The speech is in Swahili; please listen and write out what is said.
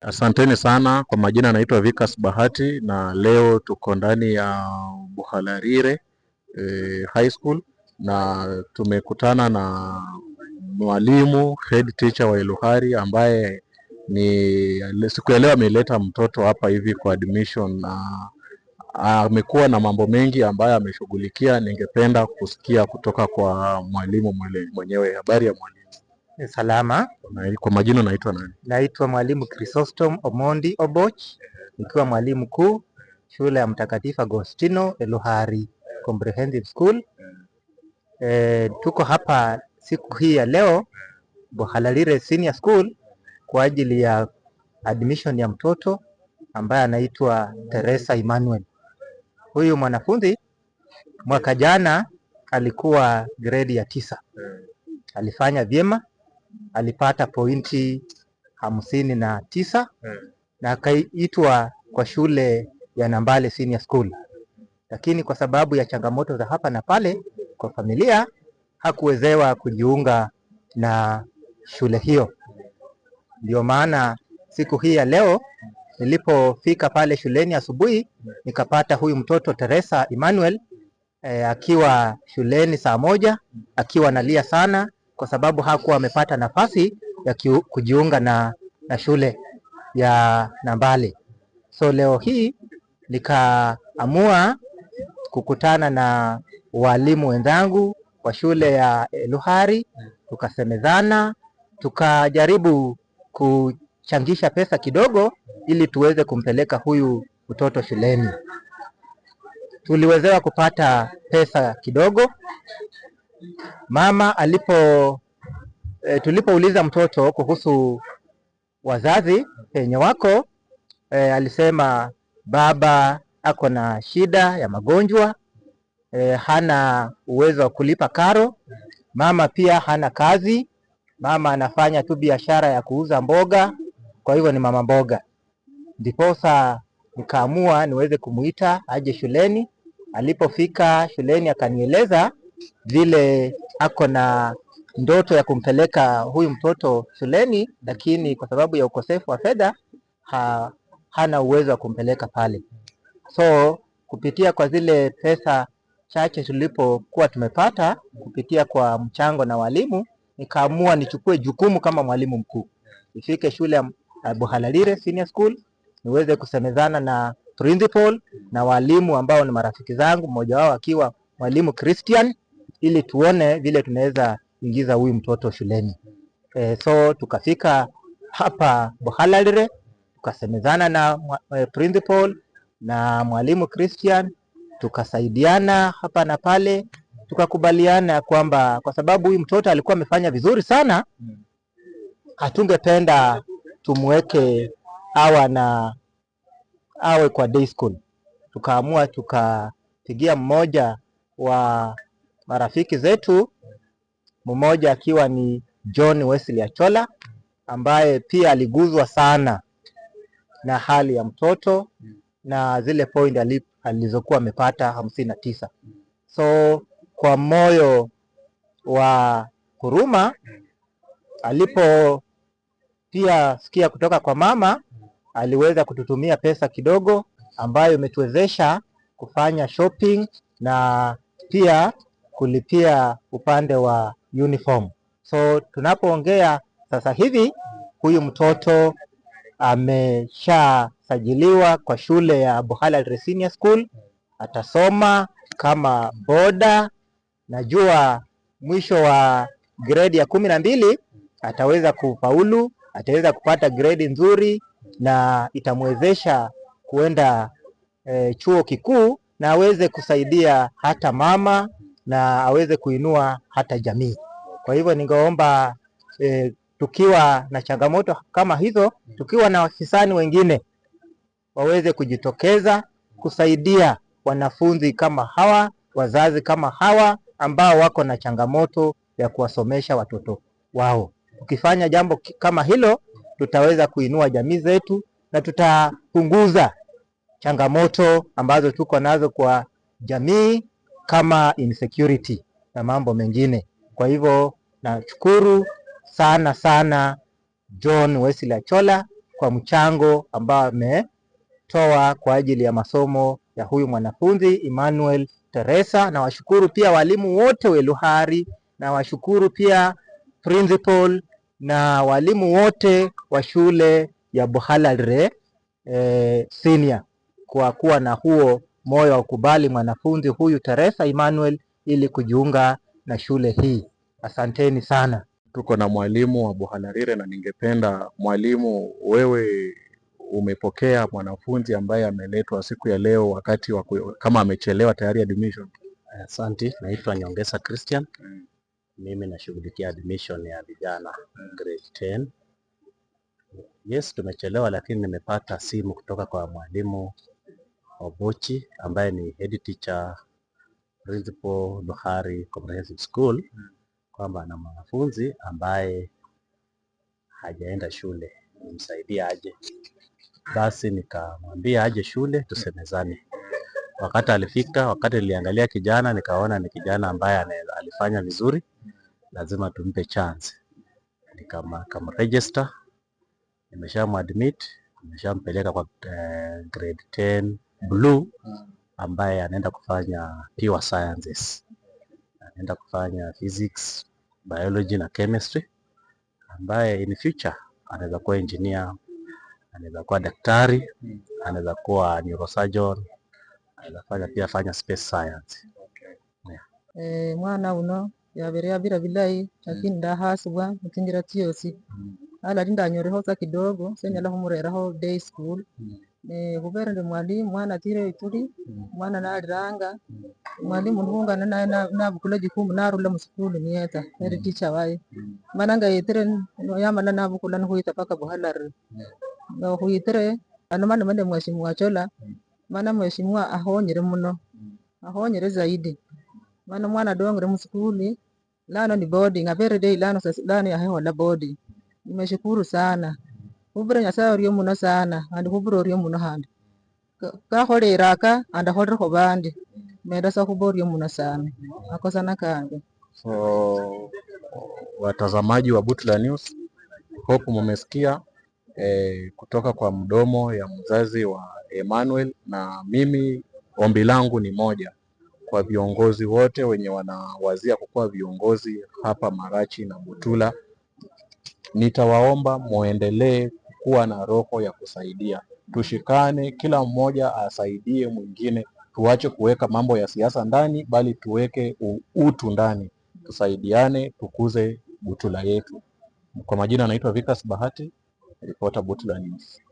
Asanteni sana kwa majina, anaitwa Vikas Bahati na leo tuko ndani ya Buhalarire eh, High School na tumekutana na mwalimu head teacher wa Eluhari ambaye ni siku ya leo ameleta mtoto hapa hivi kwa admission na amekuwa na mambo mengi ambayo ameshughulikia. Ningependa kusikia kutoka kwa mwalimu mwenyewe. Habari ya mwalimu? Salama. Kwa majina naitwa nani? Naitwa Mwalimu Chrysostom Omondi Oboch, nikiwa mwalimu kuu shule ya Mtakatifu Agostino Eluhari Comprehensive School. E, tuko hapa siku hii ya leo Buhalalire Senior School kwa ajili ya admission ya mtoto ambaye anaitwa Teresa Emmanuel. Huyu mwanafunzi mwaka jana alikuwa gredi ya tisa, alifanya vyema alipata pointi hamsini na tisa hmm. na akaitwa kwa shule ya Nambale Senior School, lakini kwa sababu ya changamoto za hapa na pale kwa familia hakuwezewa kujiunga na shule hiyo. Ndio maana siku hii ya leo nilipofika pale shuleni asubuhi nikapata huyu mtoto Teresa Emmanuel eh, akiwa shuleni saa moja akiwa analia sana kwa sababu hakuwa amepata nafasi ya kujiunga na, na shule ya Nambale. So leo hii nikaamua kukutana na walimu wenzangu wa shule ya Luhari, tukasemezana, tukajaribu kuchangisha pesa kidogo ili tuweze kumpeleka huyu mtoto shuleni. Tuliwezewa kupata pesa kidogo Mama alipo e, tulipouliza mtoto kuhusu wazazi penye wako e, alisema baba ako na shida ya magonjwa e, hana uwezo wa kulipa karo. Mama pia hana kazi, mama anafanya tu biashara ya kuuza mboga, kwa hivyo ni mama mboga. Ndiposa nikaamua niweze kumuita aje shuleni. Alipofika shuleni, akanieleza vile ako na ndoto ya kumpeleka huyu mtoto shuleni, lakini kwa sababu ya ukosefu wa fedha ha, hana uwezo wa kumpeleka pale. So kupitia kwa zile pesa chache tulipokuwa tumepata kupitia kwa mchango na walimu, nikaamua nichukue jukumu kama mwalimu mkuu, nifike shule ya Buhalalire Senior School niweze kusemezana na principal na walimu ambao ni marafiki zangu, mmoja wao akiwa mwalimu Christian ili tuone vile tunaweza ingiza huyu mtoto shuleni. E, so tukafika hapa Buhalalire tukasemezana na e, principal na mwalimu Christian, tukasaidiana hapa na pale, tukakubaliana kwamba kwa sababu huyu mtoto alikuwa amefanya vizuri sana, hatungependa tumweke awa na awe kwa day school. Tukaamua tukapigia mmoja wa marafiki zetu, mmoja akiwa ni John Wesley Achola ambaye pia aliguzwa sana na hali ya mtoto na zile point alizokuwa amepata hamsini na tisa. So kwa moyo wa huruma alipo pia sikia kutoka kwa mama, aliweza kututumia pesa kidogo ambayo imetuwezesha kufanya shopping na pia kulipia upande wa uniform. So tunapoongea sasa hivi huyu mtoto ameshasajiliwa kwa shule ya Abu Halal Senior School, atasoma kama boda. Najua mwisho wa grade ya kumi na mbili ataweza kufaulu, ataweza kupata grade nzuri na itamwezesha kuenda e, chuo kikuu na aweze kusaidia hata mama na aweze kuinua hata jamii. Kwa hivyo ningeomba e, tukiwa na changamoto kama hizo, tukiwa na wahisani wengine waweze kujitokeza kusaidia wanafunzi kama hawa, wazazi kama hawa ambao wako na changamoto ya kuwasomesha watoto wao. ukifanya jambo kama hilo, tutaweza kuinua jamii zetu na tutapunguza changamoto ambazo tuko nazo kwa jamii kama insecurity na mambo mengine. Kwa hivyo nashukuru sana sana John Wesley Achola kwa mchango ambao ametoa kwa ajili ya masomo ya huyu mwanafunzi Emmanuel Teresa. Nawashukuru pia walimu wote wa Eluhari, nawashukuru pia principal na walimu wote wa shule ya buhalare eh, senior kwa kuwa na huo moyo wa ukubali mwanafunzi huyu Teresa Emmanuel ili kujiunga na shule hii. Asanteni sana. Tuko na mwalimu wa Buhalarire na ningependa mwalimu, wewe umepokea mwanafunzi ambaye ameletwa siku ya leo wakati wa kama amechelewa tayari admission. Asante, naitwa Nyongesa Christian. Hmm. Mimi nashughulikia admission ya vijana grade 10. Yes, tumechelewa lakini nimepata simu kutoka kwa mwalimu Obochi ambaye ni head teacher Principal Buhari Comprehensive School kwamba ana mwanafunzi ambaye hajaenda shule nimsaidie aje. Basi nikamwambia aje shule tusemezane. Wakati alifika, wakati niliangalia kijana, nikaona ni kijana ambaye alifanya vizuri, lazima tumpe chance. Nikamregister, nimeshamadmit, nimeshampeleka kwa uh, grade 10 Blue ambaye anaenda kufanya pure sciences, anaenda kufanya physics, biology na chemistry, ambaye in future anaweza kuwa engineer, anaweza kuwa daktari, anaweza kuwa neurosurgeon, anaweza fanya pia fanya space science. Yeah. Eh, mwana uno yabereabira bilayi lakini mm. ndahasibwa mutingira tiyosi mm. ala ndindanyoreho sa kidogo senyala humureraho day school mm ni eh, huvera ndi mwalimu mwana tire ituri mm. mwana naliranga mwalimu nihungana naye navukula jukumu narula msukulu nieta eri ticha wai mananga yetire yamala navukula nihuita paka buhalari nohuitire anomana mane mheshimiwa chola mana mheshimiwa ahonyere muno ahonyere zaidi mana mwana dongere msukuli lano ni boarding averede ilano sasa lano yahehola boarding nimeshukuru sana khuvira nyasaye orio muno sana andi khuvira orio muno handi kakholere iraka handi akholerekho bandi menda sa khuva orio muno sana makosana kange so watazamaji wa Butula News hope mumesikia eh, kutoka kwa mdomo ya mzazi wa Emmanuel na mimi ombi langu ni moja kwa viongozi wote wenye wanawazia kukuwa viongozi hapa Marachi na Butula, nitawaomba muendelee kuwa na roho ya kusaidia. Tushikane, kila mmoja asaidie mwingine, tuache kuweka mambo ya siasa ndani, bali tuweke utu ndani, tusaidiane, tukuze Butula yetu. Kwa majina anaitwa Vikas Bahati, ripota Butula News.